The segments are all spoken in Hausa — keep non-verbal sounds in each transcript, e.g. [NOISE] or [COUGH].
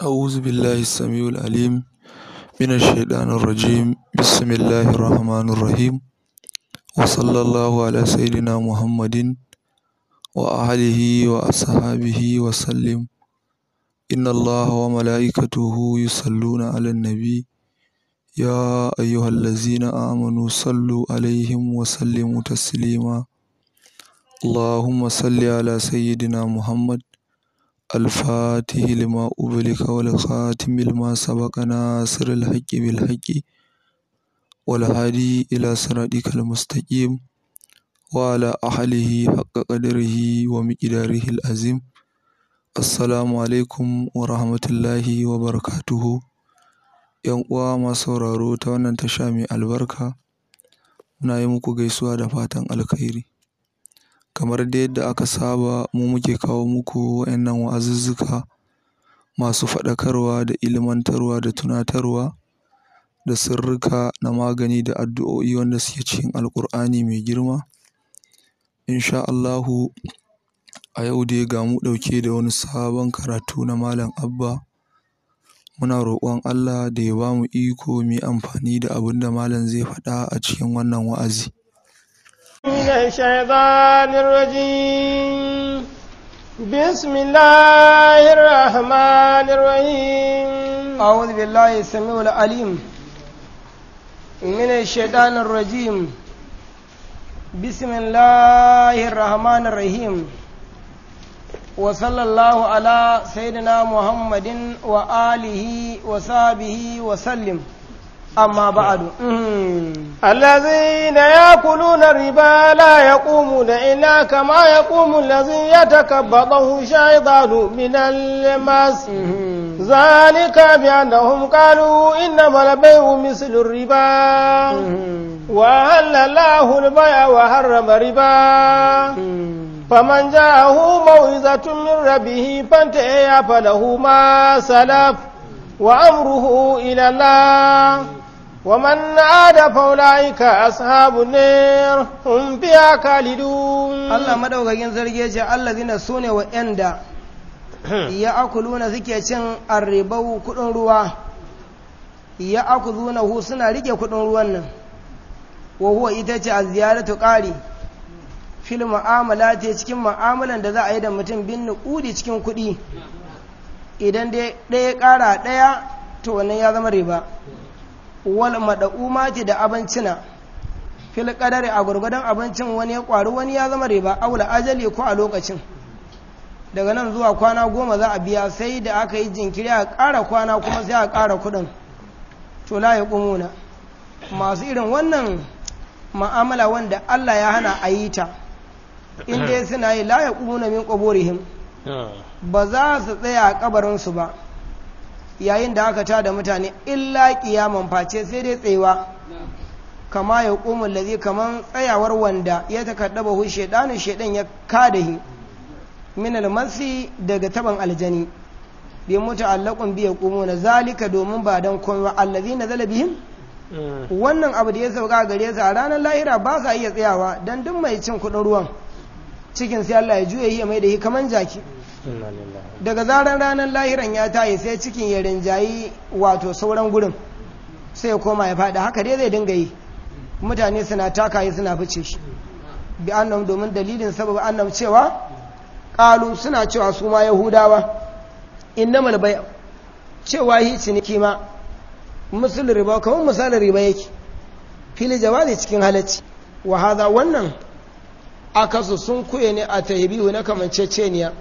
أعوذ بالله السميع العليم من الشيطان الرجيم بسم الله الرحمن الرحيم وصلى الله على سيدنا محمد وآله وأصحابه وسلم إن الله وملائكته يصلون على النبي يا أيها الذين آمنوا صلوا عليهم وسلموا تسليما اللهم صل على سيدنا محمد الفاتح لما أغلق والخاتم لما سبق ناصر الحق بالحق والهادي إلى صراطك المستقيم وعلى أهله حق قدره ومقداره العظيم Assalamu alaikum wa rahmatullahi wa barakatuhu. ‘Yan uwa masu sauraro ta wannan tasha mai albarka, muna yi muku gaisuwa da fatan alkhairi. Kamar dai yadda aka saba mu muke kawo muku wa'innan wa'azuzzuka masu faɗakarwa da ilimantarwa da tunatarwa da sirrika na magani da addu'o'i wanda suke cikin Alƙur'ani mai girma. In Allahu a yau dai ga mu ɗauke da wani sabon karatu na Malam Abba. Muna roƙon Allah da ya bamu iko mai amfani da abinda Malam zai faɗa a cikin wannan wa'azi. من الشيطان الرجيم بسم الله الرحمن الرحيم أعوذ بالله السميع العليم من الشيطان الرجيم بسم الله الرحمن الرحيم وصلى الله على سيدنا محمد وآله وصحبه وسلم أما بعد الذين يأكلون الربا لا يقومون إلا كما يقوم الذي يتكبطه الشيطان من المس ذلك بأنهم قالوا إنما البيع مثل الربا وأهل الله البيع وحرم الربا فمن جاءه موعظة من ربه فانتهي فله ما سلف وأمره إلى الله ومن عاد فأولئك أصحاب النار هم فيها خالدون الله ما دوغا ينزرجي الذين سوني وإندا ya akuluna suke cin arribau kudin ruwa ya akuzunahu suna rike kudin ruwan nan wa huwa ita ce a ziyaratu ƙari fil mu'amala ce cikin mu'amalan da za a yi da mutum bin nuqudi cikin kuɗi idan dai ɗaya ƙara ɗaya to wannan ya zama riba wal mada'umati da abincina fil qadari a gurgudan abincin wani ya kwaru wani ya zama riba aula ajali ko a lokacin daga nan zuwa kwana goma za a biya sai da aka yi jinkiri a ƙara kwana kuma sai a ƙara kuɗin to la ya ƙumuna masu irin wannan ma'amala wanda Allah ya hana a yi ta in dai suna yi la ya ƙumuna min ah. ba za su tsaya a ƙabarinsu ba yayin da aka tada mutane illa kiyaman face sai dai tsayewa kama ya ƙumu lazi kaman tsayawar wanda ya takaddaba hu shaidanin shaidan ya kadahi min almasi daga taban aljani bi muta'allaqun bi na zalika domin ba dan komai allazi nazala mm. wannan abu da ya sauka gare su a ranar lahira ba sa iya tsayawa dan duk mai cin kudin ruwan cikin sai Allah ya juye ya mai da shi kaman jaki daga zarar ranar lahiran ya tayi sai cikin ya rinjayi wato sauran gurin sai ya koma ya faɗi haka dai zai dinga yi mutane suna takaye suna fice shi bi annam domin dalilin sababa annam cewa ƙalu suna cewa su ma yahudawa innamal bai cewa yi ciniki ma musulun riba kawai misalin riba yake fili jawazi cikin halacci wa wannan akasu sun kuye ne a tahibihu na kamanceceniya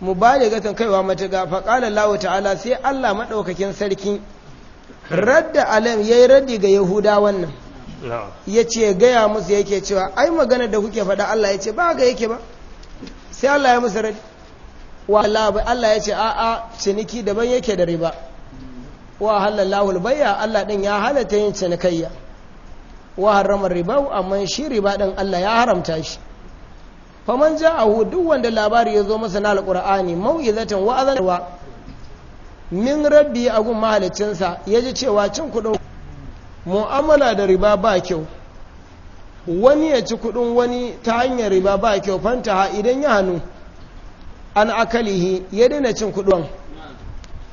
mu gatan kaiwa matuga fa qala Allah ta'ala sai Allah madaukakin sarki radda alam yayi raddi ga yahuda wannan yace gaya musu yake cewa ai magana da kuke faɗa Allah yace ba ga yake ba sai Allah ya musu raddi wala Allah yace a a ciniki daban yake da riba wa halallahu albayya Allah din ya halata yin cinikayya wa haramar riba amma shi riba din Allah ya haramta shi faman ja'ahu duk wanda labari ya zo masa na alqur'ani mau'izatan wa'azanwa min rabbi gun mahalicinsa ya ji cewa cin kuɗin mu'amala da riba ba kyau wani ya ci kuɗin wani ta hanyar riba ba kyau fantaha idan ya hannu an akalihi ya daina cin kuɗin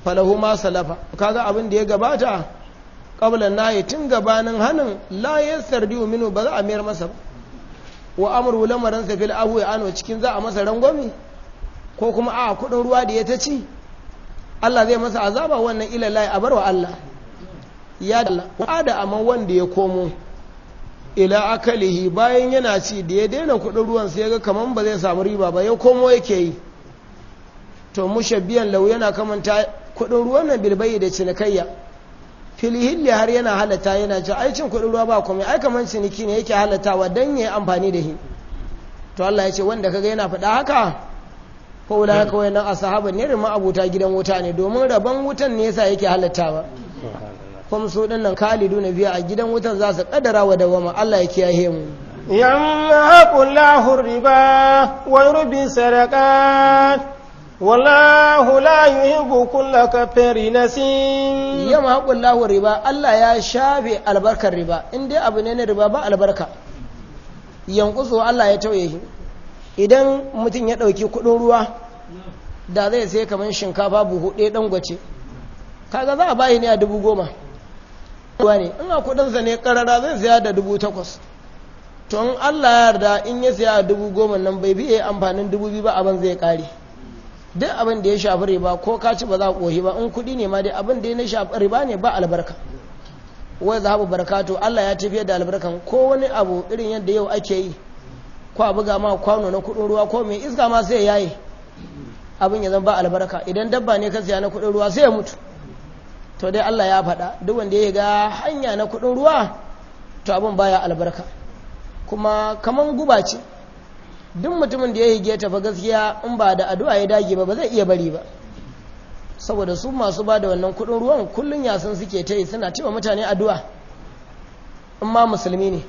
falahu ma salafa kaga abin da ya gabata qabla nayi tun gabanin hanin la yastardiu minu ba za a mayar masa ba wa amru sa fil abu ya ano cikin za a masa rangwami ko kuma a kudin ruwa da ya ta ci Allah zai masa azaba wannan ilalai a barwa Allah ya da amma wanda ya komo ila akalihi bayan yana ci da ya daina kudin ruwan sai ga kaman ba zai samu riba ba ya komo yake yi to biyan lau yana kamanta kudin ruwan nan bilbayi da cinikayya filihin har yana halata yana ce ai cin kuɗin ruwa ba komai ai kamar ciniki ne yake halattawa dan yi amfani da shi to Allah ya ce wanda kaga yana faɗa haka ko wala haka wayannan ashabu ne rima abuta gidan wuta ne domin rabon wutan ne yasa yake halattawa kuma su nan khalidu na biya a gidan wutan za su kadara wa dawama Allah ya kiyaye mu yan haqullahu riba wa yurbi sadaqat wallahu la yuhibbu kulla kafirin nasim yama haqqullahu riba Allah ya shafe albarkar riba in dai abu ne na riba ba albarka yankuso Allah ya tauye shi idan mutum ya dauki kudin ruwa da zai sai kamar shinkafa buhu ɗaya gwace, kaga za a bayi ne a dubu goma ruwa ne in ne karara zai saya da dubu takwas to in Allah ya yarda in ya saya a dubu goma nan bai biye amfanin dubu biyu ba abin zai kare duk abin da ya shafi riba ko ka ci ba za ƙohi ba in kuɗi ne ma dai abin da ya shafi riba ne ba albarka wai zahabu to Allah ya tafiye da albarkan ko wani abu irin yadda yau ake yi ko buga ma kwano na kuɗin ruwa ko mai iska ma sai yayi abin ya zama ba albarka idan dabba ne ka siya na kuɗin ruwa sai ya mutu to dai Allah ya faɗa duk wanda ya ga hanya na kuɗin ruwa to abin baya albarka kuma kaman guba ce duk mutumin da ya yi ta ba gaskiya in ba da addu'a ya dage ba ba zai iya bari ba saboda su masu ba da wannan kudin ruwan kullun yasan suke ta yi suna cewa mutane addu'a in ma musulmi ne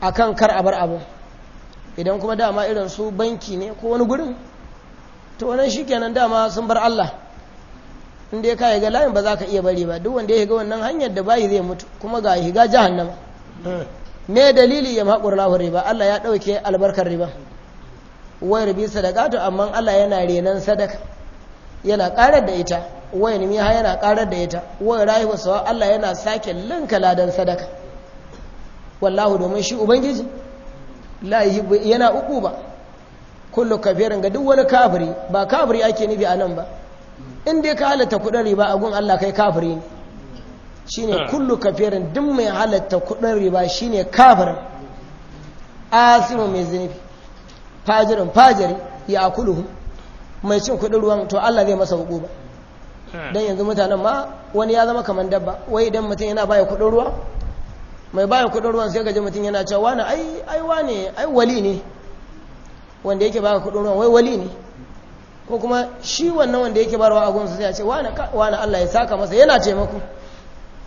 akan kar a bar abu idan kuma dama irin su banki ne ko wani gurin to wannan shikenan dama sun bar Allah in dai ka yaga layin ba za ka iya bari ba duk wanda ya higa wannan hanyar da bayi zai mutu kuma ga higa jahannama eh. me dalili ya maƙur lahu riba Allah ya ɗauke albarkar riba wayar bi to amma Allah yana renan sadaka yana ƙarar da ita wayar miha yana ƙarar da ita wayar rayuwa sawa Allah yana sake linka ladan sadaka wallahu domin shi ubangiji yana uku ba kullu kafirin ga duk wani kafiri ba kafiri ake nufi a nan ba in dai ka halatta kuɗin riba a gun Allah kai kafiri ne shine ah. kullu kafirin duk mai halatta kudin riba shine kafirin asimu mai zunubi fajirin fajiri ya akuluhu mai cin kudin ruwan to Allah zai masa hukuma ah. dan yanzu mutanen ma wani ya zama kamar dabba wai idan mutum yana baya kudin ruwa mai baya kudin ruwan sai gaji mutum yana cewa wani ai ai wani ai wali ne wanda yake baka kudin ruwan wai wali ne ko kuma shi wannan wanda yake barwa a gunsa sai ya ce wani Allah ya saka masa yana taimako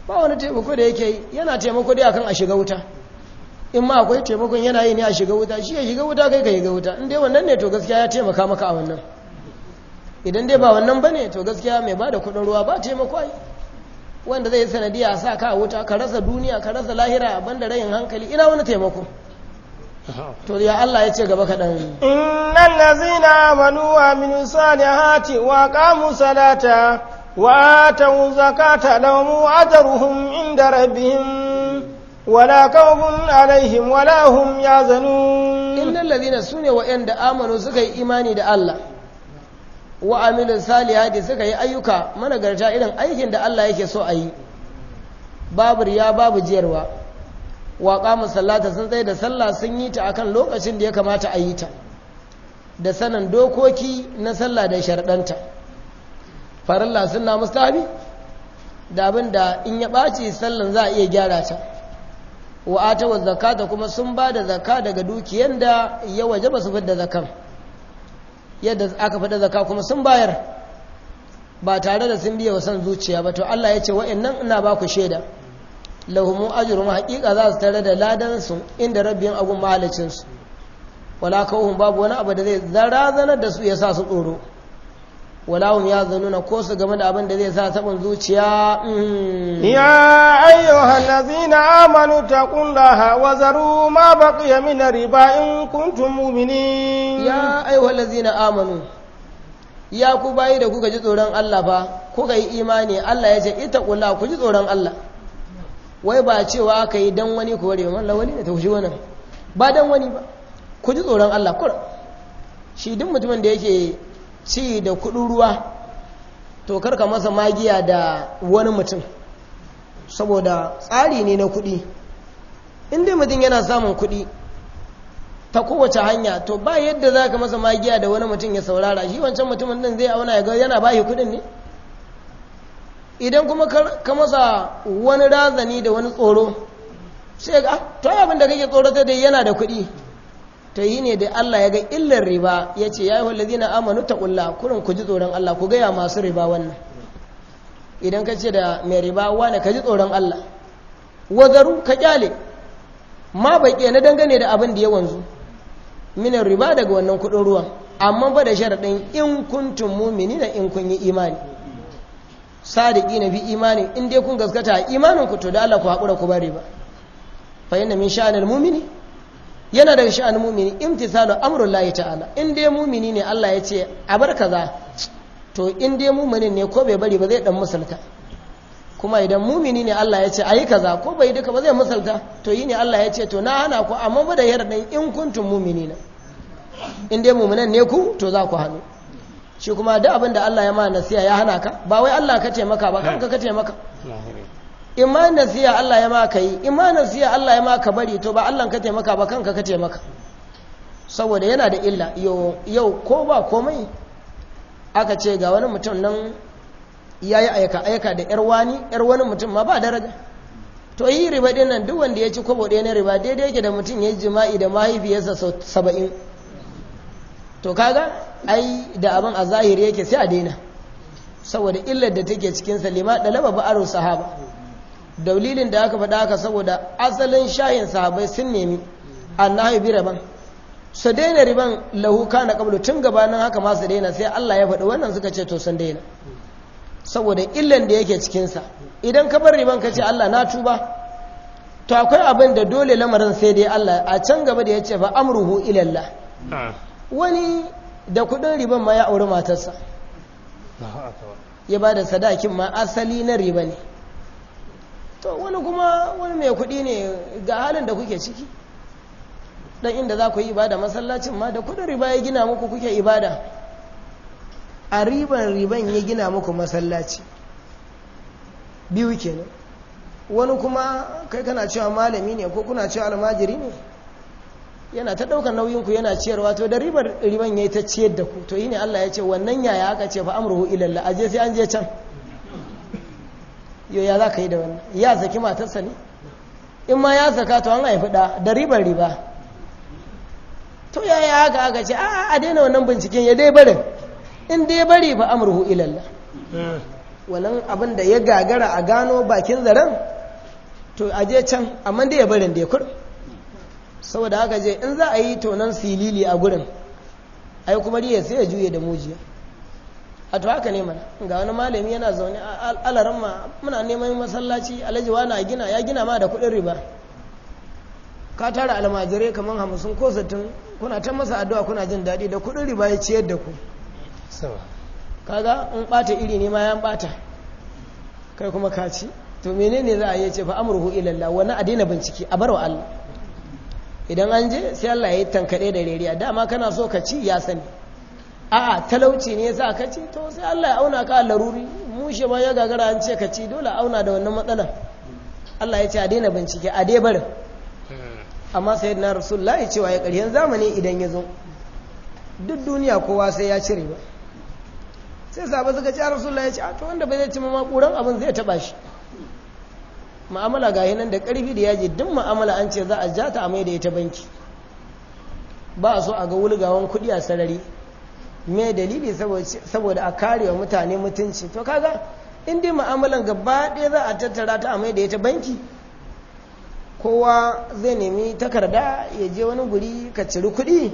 ba wani taimako da yake yana taimako dai akan a shiga wuta in ma akwai taimakon yana yi ne a shiga wuta shi ya shiga wuta kai ka shiga wuta in dai wannan ne to gaskiya ya taimaka maka a wannan idan dai ba wannan bane to gaskiya mai ba da kudin ruwa ba taimako ai wanda zai sanadiya sa ka a wuta ka rasa duniya ka rasa lahira banda rayin hankali ina wani taimako to ya Allah ya ce gaba kaɗan innal ladzina amanu wa amilus salihati wa qamu salata وآتوا الزكاة لهم أجرهم عند ربهم ولا كوب عليهم ولا هم يحزنون إن الذين سنوا وإن آمنوا سكي إيماني دا الله وعملوا الصالحات سكي أيوكا من غرتا إلى أيكن دا الله يكي سو أي باب ريا باب جيروا وقام الصلاة sun tsaye da sallah sun yi ta akan lokacin da ya سنن دوكوكي yi ta da farilla suna mustahabi da abin da in ya ɓaci sallan za a iya gyara ta wa atawar zakata kuma sun ba da zaka daga dukiyan da ya waje ba su da zakan yadda aka da zaka kuma sun bayar ba tare da sun biya wa san zuciya ba to Allah ya ce wa'annan ina ba ku shaida lahumu ajrum haqiqa za su tare da ladan su inda rabbin abun mahalicin su wala babu wani abu da zai zarazanar da su ya sa su tsoro walahum ya zanuna ko su game da abin da zai sa saban zuciya hmm. ya ayyuhal ladzina amanu taqullaha wa zaru ma baqiya min riba in kuntum mu'minin ya ayyuhal zina amanu ya ku bayi da kuka ji tsoron Allah ba kuka yi imani Allah ya ce ita kula ku ji tsoron Allah wai ba cewa ka yi dan wani ku ware wallahi wani da ta kushi wannan ba dan wani ba ku ji tsoron Allah kur shi duk mutumin da yake ci da kudin ruwa to karka masa magiya da wani mutum saboda tsari ne na kudi inda mutum yana samun kudi ta kowace hanya to ba yadda za ka masa magiya da wani mutum ya saurara shi wancan mutumin din zai auna ya ga yana bashi kudin ne idan kuma ka masa wani razani da wani tsoro sai ah, to abin da kake tsoratar dai yana da kudi ta yi ne da Allah ya ga illar riba ya ce ya yi zina amanu ta taqulla kurin ku ji tsoron Allah ku gaya masu riba wannan idan ka ce da mai riba wane ka ji tsoron Allah wazaru ka kyale ma bai na dangane da abin da ya wanzu minan riba daga wannan kudin ruwan amma ba da sharaɗin in mumini na in kun yi imani sadiki na bi imani in dai kun gaskata imanin ku to da Allah ku haƙura ku bari ba fa min sha'anil mu'mini yana da sha'anin mumini imtisalu amrullahi ta'ala in dai mumini ne Allah ya ce a bar kaza to in dai mumini ne ko bai bari ba zai dan musulta kuma idan mumini ne Allah ya ce ayi kaza ko bai duka ba zai musulta to yi ne Allah ya ce to na hana ku amma ba da yardan in kuntum muminina in dai muminan ne ku to za ku hannu shi kuma duk abin da Allah ya ma nasiha ya hana ka ba wai Allah ka taimaka ba kanka ka taimaka imma nasiha Allah ya maka yi imma nasiha Allah ya maka bari to ba Allah ka taimaka ba kanka ka taimaka saboda yana da illa yau ko ba komai aka ce ga wani mutum nan ya yi aika aika da yar wani yar wani mutum ma ba daraja to yi riba din nan duk wanda ya ci kobo ɗaya na riba daidai yake da mutum ya yi jima'i da mahaifiyarsa sau saba'in to kaga ai da abin a zahiri yake sai a daina saboda illar da take cikinsa lima ɗalaba aron sahaba dalilin da aka faɗa haka saboda asalin shayin sahabai sun nemi annahu bi riban su daina riban lahu kana qablu tun gabanin haka ma su daina sai Allah ya faɗi wannan suka ce to sun daina saboda illan da yake cikin sa idan ka bar riban ka ce Allah na tuba to akwai abin da dole lamarin sai dai Allah a can gaba da ya ce fa amruhu ilallah ah. wani da kudin riban ma ya auri matarsa ya ba da sadakin ma asali na riba ne to wani kuma wani mai kuɗi ne ga halin da kuke ciki dan inda za ku yi ibada masallacin ma da kudin riba ya gina muku kuke ibada a riban riban ya gina muku masallaci biyu kenan wani kuma kai kana cewa malami ne ko kuna cewa almajiri ne yana ta ɗaukar nauyin ku yana ciyarwa to da ribar riban ya yi ta ciyar da ku to yi ne allah ya ce wannan yaya aka ce fa amruhu ilalla aje sai an je can yo ya za ka yi da wannan ya saki matarsa ne in ma ya saka to an haifi da da ribar riba to ya yi haka aka ce a daina wannan binciken ya dai barin in dai bari fa amurhu ilalla wannan abin da ya gagara a gano bakin zaren to a je can amma dai ya barin da ya kur saboda haka je in za a yi tonon silili a gurin ai kuma riya sai ya juye da mujiya a to haka ne mana ga wani malami yana zaune alaran ma muna neman masallaci alhaji wani a gina ya gina ma da kuɗin riba ka tara almajirai kamar hamsin ko sittin kuna ta masa addu'a kuna jin daɗi da kuɗin riba ya ciyar da ku kaga in ɓata iri ne ma ya ɓata kai kuma ka ci to menene za a yi ce fa amruhu ilallah wani a daina bincike a barwa Allah idan an je sai Allah ya yi tankaɗe da rariya dama kana so ka ci ya sani A'a talauci ne yasa ka ci to sai Allah ya auna ka laruri mushe ma ya gagara an ce ka ci dole auna da wannan matsala Allah ya ce a daina bincike a dai barin amma sayyidina rasulullahi cewa ya ƙaryen zamani idan ya zo duk duniya kowa sai ya cire ba sai sabu suka ci rasulullahi ya ce a to wanda bai zai ci ma kuran abin zai taba shi ma'amala ga nan da ƙarfi da yaji duk ma'amala an ce za a jata a mai da ita banki ba a so a ga wulgawan kuɗi a sarari me dalili saboda a karewa mutane mutunci to kaga in dai mu'amalan gaba ɗaya za a tattara ta a mai da ita banki kowa zai nemi takarda ya je wani guri ka ciri kuɗi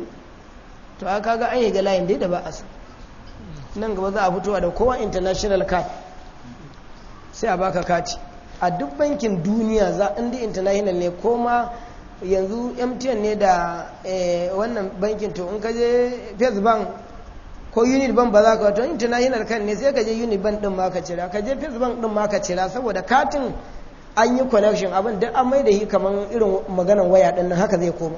to aka ga an yi ga layin dai da ba a su nan gaba za a fitowa da kowa international card sai a baka kati a duk bankin duniya za ɗin international ne ko yanzu mtn ne da eh, wannan bankin to in ka je first bank ko unit ban ba za ka wato international kan ne sai ka je unit ban din ma ka cira ka je first bank din ma ka cira saboda katin an yi connection abin duk an da shi kamar irin maganan waya din nan haka zai koma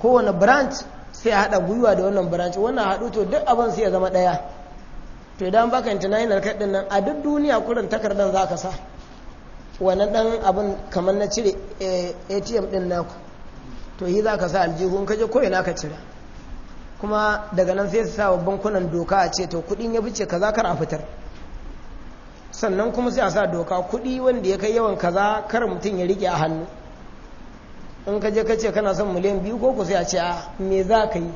kowane branch sai hada gwiwa da wannan branch wannan haɗu to duk abin sai ya zama ɗaya to idan baka international kan din nan a duk duniya kuran takardan za ka sa wannan dan abin kamar na cire eh, atm din naku to yi za ka sa aljihun ka je ko ina ka cira kuma daga nan sai su sa wa bankunan doka a ce to kudin ya fice kaza kar a fitar sannan kuma sai a sa doka kudi wanda ya kai yawan kaza kar mutum ya rike a hannu in ka je ka ce kana son miliyan biyu ko ku sai a ce a me za ka yi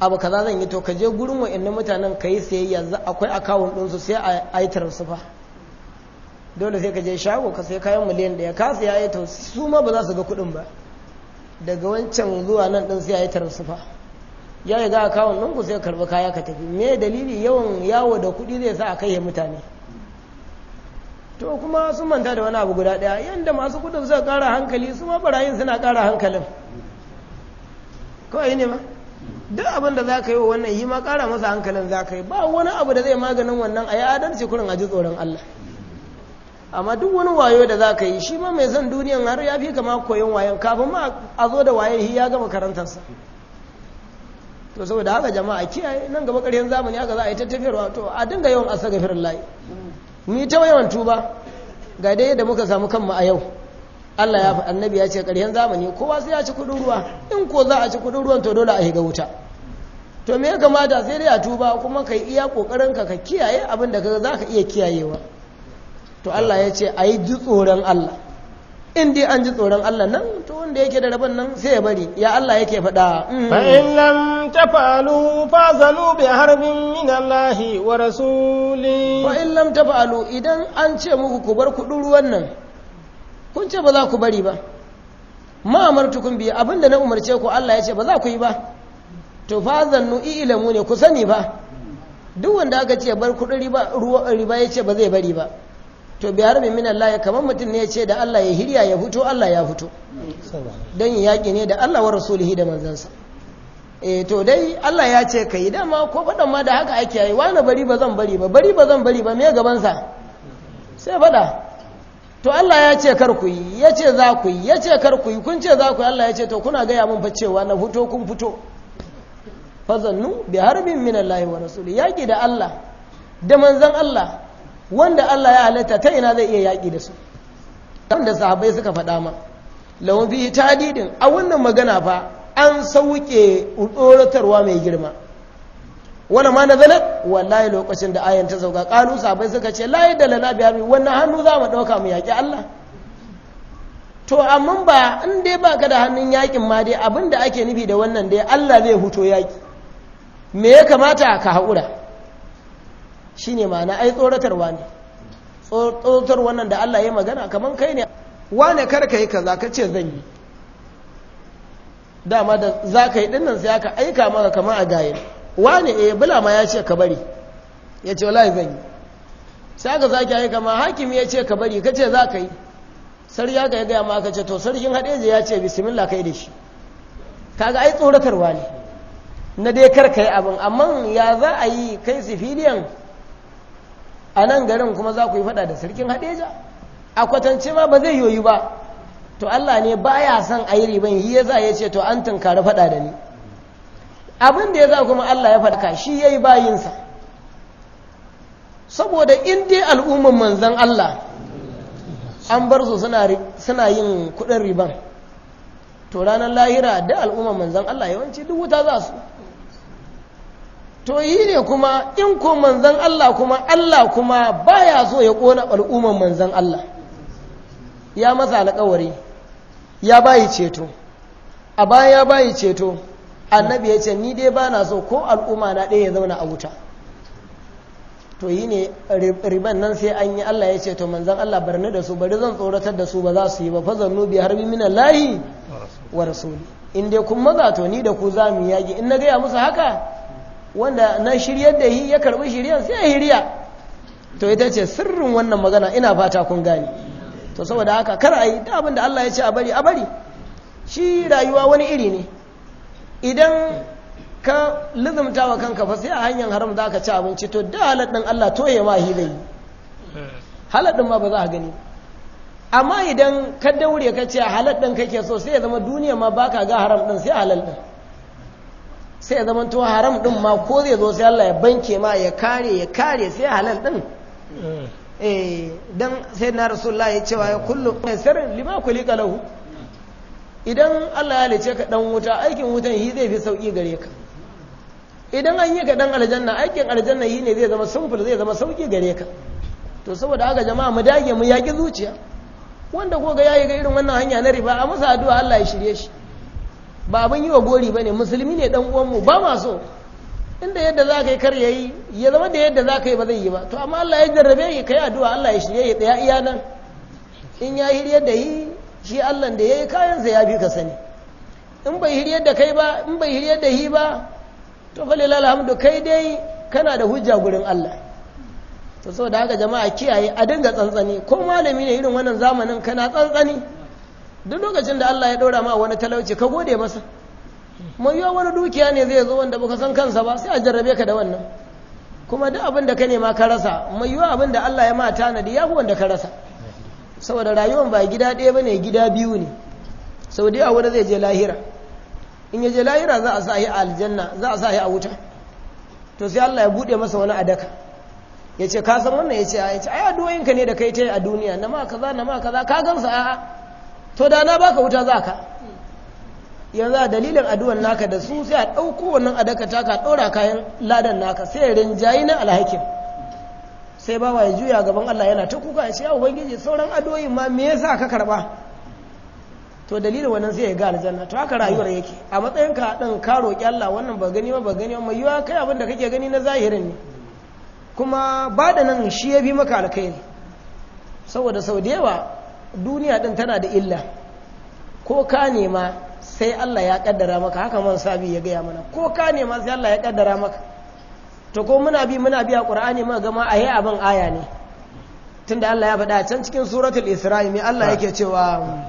abu kaza zan yi to ka je gurin wa'annan mutanen ka yi sayayya akwai akawun ɗinsu sai a aitar su fa dole sai ka je shago ka sai kayan miliyan da ya kasa ya yi to su ma ba za su ga kuɗin ba daga wancan zuwa nan ɗin sai a yi su fa ya riga akawun nan ku sai karɓi kaya ka tafi me dalili yawan yawo da kuɗi zai sa a kai mutane to kuma sun manta da wani abu guda ɗaya yadda masu kudin suka ƙara hankali su ma barayin suna ƙara hankalin kawai ne ma duk abin da za ka yi wa wannan yi ma ƙara masa hankalin za ka yi ba wani abu da zai maganin wannan a yi adalci kurin a ji tsoron Allah amma duk wani wayo da za ka yi shi ma mai son duniyan har ya fi kama koyon wayan kafin ma a zo da wayon ya gama karantarsa to saboda haka jama'a kiyaye nan gaba ƙarshen zamani haka za a yi ta tafiyarwa to a dinga yawan gafirin layi mu ta yawan tuba ga dai yadda muka samu kanmu a yau Allah ya annabi ya ce ƙarshen zamani kowa sai ya ci kuɗin ruwa in ko za a ci kuɗin ruwan to dole a shiga wuta to me ya kamata sai dai a tuba kuma kai iya kokarin ka ka kiyaye abin da ka za ka iya kiyayewa to Allah ya ce a yi ji tsoron Allah in dai an ji tsoron Allah nan to wanda yake da rabon nan sai ya bari ya Allah yake faɗa mm. lam تفعلوا فازلوا بحرب من الله ورسوله وإن لم تفعلوا إذن أنت مكو كبر كدول ونن كنت بذا كبري با ما أمرتكم بي أبن دنا أمرتكم الله يتي بذا كي با تفازنوا ku sani با duk wanda aka ce bar kudin riba ruwa riba ya ba zai bari ba to bi harbi min Allah kamar mutum ne ya ce da Allah ya hirya ya fito Allah ya fito dan yaki ne da Allah wa rasulihi da manzansa e to dai Allah ya ce ka yi dama ko faɗan ma da haka ake yi wani bari ba zan bari ba bari ba zan bari ba me gabansa sai faɗa to Allah ya ce kar ku yi ya ce za ku yi ya ce kar ku yi kun ce za ku yi Allah ya ce to kuna gaya min cewa na fito kun fito fazannu bi harbin min Allah wa rasuli yaki da Allah da manzon Allah wanda Allah ya halatta ta ina zai iya yaki da su da sahabbai suka faɗa ma lahum fi tadidin a wannan magana fa an sauke tsoratarwa mai girma wani ma na nazalat wallahi lokacin da ayan ta sauka kalu sabai suka ce layi da lana biya mi wannan hannu za mu ɗauka mu yaƙi Allah to amma ba in dai ba ka da hannun yaƙin ma dai abin da ake nufi da wannan dai Allah zai huto yaƙi me ya kamata ka haƙura shi ne ma'ana ai tsoratarwa ne tsoratar wannan da Allah ya magana kamar kai ne wane kar ka yi kaza ka ce zan yi dama da za ka yi dinnan sai aka aika maka kamar a gayen wani eh bula ma ya ce ka bari ya ce wala zan yi sai aka zaki aika ma hakimi ya ce ka bari ka ce za ka yi sarki aka ya gaya ma aka ce to sarkin haɗeje ya ce bismillah kai da shi kaga ai tsoratarwa ne na dai kar ka yi abin amma ya za a yi kai sifiliyan a nan garin kuma za ku yi faɗa da sarkin haɗeja a kwatance ma ba zai yoyi ba to Allah ne baya son a yi riban ya za ya ce to an tunkari faɗa da ni abin da ya za kuma Allah ya ka shi ya yi bayinsa saboda in dai al'umman manzan Allah an bar su suna yin kuɗin riban to ranar lahira da al'umman manzan Allah yawanci duk wuta za su to yi ne kuma in ko manzan Allah kuma Allah kuma baya so ya ƙona al'umman manzan Allah ya masa alƙawari ya bayi ceto a baya ya bayi ceto annabi ya ce ni dai ba na so ko al'umma na ɗaya ya zauna a wuta to yi ne riban nan sai an yi Allah ya ce to manzan Allah bar da su bari zan tsoratar da su ba za su yi ba fazan nubi har bi mina layi wa rasuli in dai kun maza to ni da ku za mu yaki in na gaya musu haka wanda na shiryar da hi ya karbi shiryar sai ya hiriya to ita ce sirrin wannan magana ina fata kun gane to saboda haka kar a yi ta abin da Allah ya ce a bari a bari shi rayuwa wani iri ne idan ka lizumta wa kanka fa sai a hanyar haram za ka ci abinci to da halaɗin Allah toye ma hi zai halaɗin ma ba za a gani amma idan ka daure ka ce halaɗin kake so sai ya zama duniya ma ba ga haram ɗin sai halal ɗin sai ya zama to haram ɗin ma ko zai zo sai Allah ya banke ma ya kare ya kare sai halal ɗin hmm. Eh, dan sai na rasulullah ya cewa ya kullum mai sirrin lima kulika kalahu idan Allah ya lice ka dan wuta aikin wutan yi zai fi sauki gare ka idan an yi ka dan aljanna aikin aljanna yi ne zai zama simple zai zama sauki gare ka to saboda haka jama'a mu dage mu yaki zuciya wanda ko ga yayi ga irin wannan hanya na riba a musa addu'a Allah ya shirye shi ba abin yi wa gori bane musulmi ne dan uwan mu ba ma so inda yadda za ka yi kar yi, ya zama da yadda za ka yi ba zai yi ba to amma Allah ya jarrabe ya kai addu'a Allah ya shirye ya tsaya iya nan in ya hirye da yi shi Allah da ya yi kayansa ya fi ka sani in bai hirye da kai ba in bai hirye da yi ba to fa lillahi alhamdu kai dai kana da hujja gurin Allah to saboda haka jama'a kiyaye a dinga tsantsani ko malami ne irin wannan zamanin kana tsantsani duk lokacin da Allah ya dora ma wani talauci ka gode masa mai wani dukiya ne zai zo wanda baka san kansa ba sai a jarrabe ka da wannan kuma duk abin da ka nema ka rasa mai yiwa abin da Allah ya ma tanadi ya fi wanda ka rasa saboda rayuwar ba gida ɗaya ba ne gida biyu ne sau da yawa zai je lahira in ya je lahira za a sa shi a aljanna za a sa shi a wuta to sai Allah ya buɗe masa wani adaka ya ce ka san wannan ya ce ya ce ai ne da kai ta yi a duniya na ma kaza na ma kaza ka gansa a'a to da na baka wuta za ka yanzu a dalilin addu'an naka da su sai a ɗauko wannan adaka taka ɗora kayan ladan naka sai ya rinjayi na alhakin sai ba wa ya juya gaban Allah yana ta kuka ya ce ya ubangiji sauran adoyin ma me yasa ka karba to dalilin wannan sai ya ga aljanna to haka rayuwar yake a matsayin ka dan ka roki Allah wannan ba gani ba ba gani ba kai abin da kake gani na zahirin ne kuma ba da nan shi ya bi maka alkhairi saboda sau da yawa duniya din tana da illa ko ka nema sai Allah ya kaddara maka haka man sabi ya gaya mana ko ka nema sai Allah ya kaddara maka to ko muna bi muna biya qur'ani ma ga ma ayi abin aya ne tunda Allah ya faɗa can cikin suratul isra'i me Allah yake cewa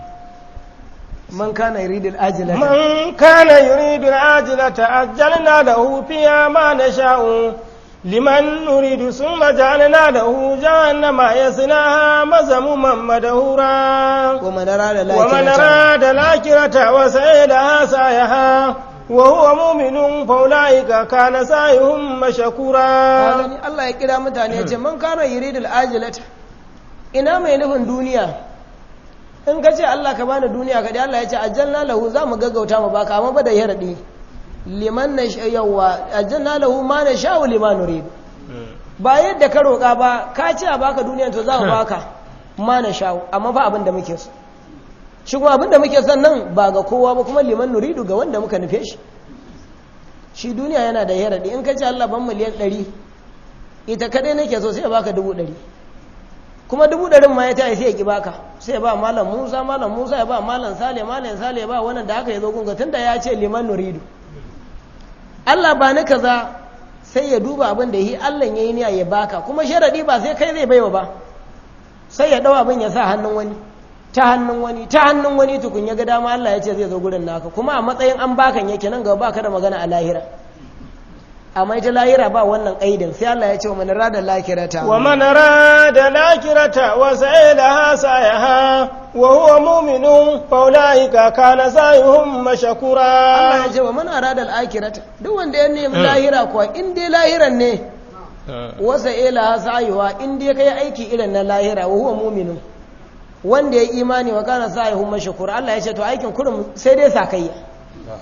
من كان يريد العاجلة من كان يريد ajlata ajjalna lahu fiya ma nasha'u liman nuridu summa ja'alna lahu jahannama yasnaha mazamuman madahura wa man arada lakirata wa sa'idaha sayaha wa huwa mu'minun fa ulaika kana sa'ihum mashkura Allah ya kira mutane ya ce man kana yuridul ajilata ina mai nufin duniya in ka ce Allah ka bani duniya ka dai Allah ya ce ajalna lahu za mu ga gauta mu baka amma ba da yaradi liman na yawa aljanna lahu ma na sha'u liman nurid ba yadda ka roƙa ba ka ce a baka duniya to za a [LAUGHS] baka ma na sha'u amma ba abin da muke so shi kuma abin da muke son nan ba ga kowa ba kuma liman nuridu ga wanda muka nufe shi shi duniya yana da yaradi in ka ce Allah ban miliyan ɗari ita kadai nake so sai ya baka dubu ɗari kuma dubu ɗarin ma ya ta sai ya ki baka sai ba malam musa malam musa ya ba malam sale malam sale ba wannan da haka ya zo kunga tunda ya ce liman nuridu Allah ba ni kaza sai ya duba abin da yi Allah ya yi niyya ya baka kuma sharaɗi ba sai kai zai baiwa ba sai ya ɗau abin ya sa hannun wani ta hannun wani ta hannun wani tukun ya ga dama Allah ya ce zai zo gurin naka kuma a matsayin an bakan yake nan gaba baka da magana a lahira amma ita lahira ba wannan aidin sai Allah ya ce wa man rada lakirata wa man rada lakirata wa sa'ilaha sayaha wa huwa mu'minun fa ulaika kana sayuhum mashkura Allah ya ce wa man rada lakirata duk wanda ya nemi eh. lahira kuwa in dai lahiran ne eh. wa sa'ilaha sayuha in dai kai aiki irin na lahira wa huwa mu'minun wanda ya imani wa kana sayuhum mashkura Allah ya ce to aikin kurum sai dai sakayya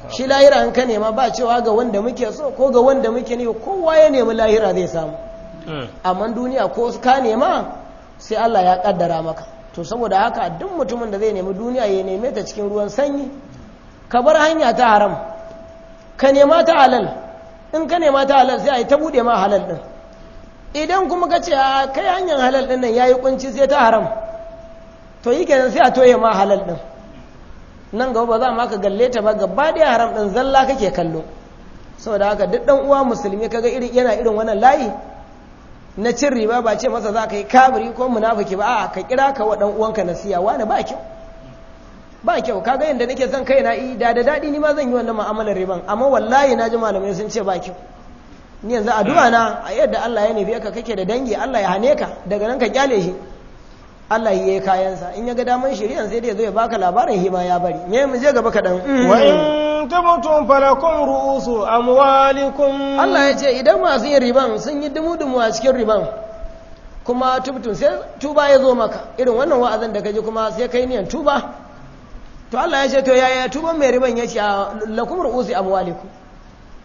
shi lahira an ka nema ba cewa ga wanda muke so ko ga wanda muke ne kowa ya nemi lahira zai samu amma duniya ko ka nema sai Allah ya kaddara maka to saboda haka duk mutumin da zai nemi duniya ya neme ta cikin ruwan sanyi ka bar hanya ta haram ka nema ta halal in ka nema ta halal sai a yi ta bude ma halal din idan kuma ka ce kai hanyar halal din nan yayi kunci sai ta haram to yi kenan sai a toye ma halal din nan gaba ba za ma ka galle ta ba gaba ɗaya haram ɗin zalla kake kallo saboda haka duk ɗan uwa musulmi kaga irin yana irin wannan layi na cin riba ba ce masa za ka yi kabiri ko munafiki ba a'a ka kira ka wa ɗan uwanka nasiya wani ba kyau ba kyau kaga yanda nake son kai na eh, da da daɗi ni ma zan yi wannan mu'amalar riban amma wallahi na ji malamai sun ce ba kyau ni yanzu addu'a na a yadda Allah ya nufi ka kake da dangi Allah ya hane ka daga nan ka kyale shi Allah ya yi kayansa in ya ga daman shari'an sai da ya zo ya baka labarin hima ya bari me mu je gaba kaɗan mm. wa in tumtum falakum ru'usu amwalikum Allah ya ce idan masu yin riban sun yi dumu-dumu a cikin riban kuma tubtun sai tuba ya zo maka irin wannan wa'azin da kaji kuma sai kai niyan tuba to Allah ya ce to yaya tuban mai riban ya ce lakum ru'usu amwalikum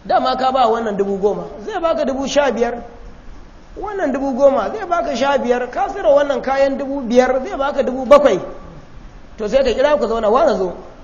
dama ka ba wannan dubu goma zai baka dubu sha biyar wannan dubu goma zai baka sha biyar ka sira wannan kayan dubu biyar zai baka dubu bakwai to sai ka kira ku zauna wani zo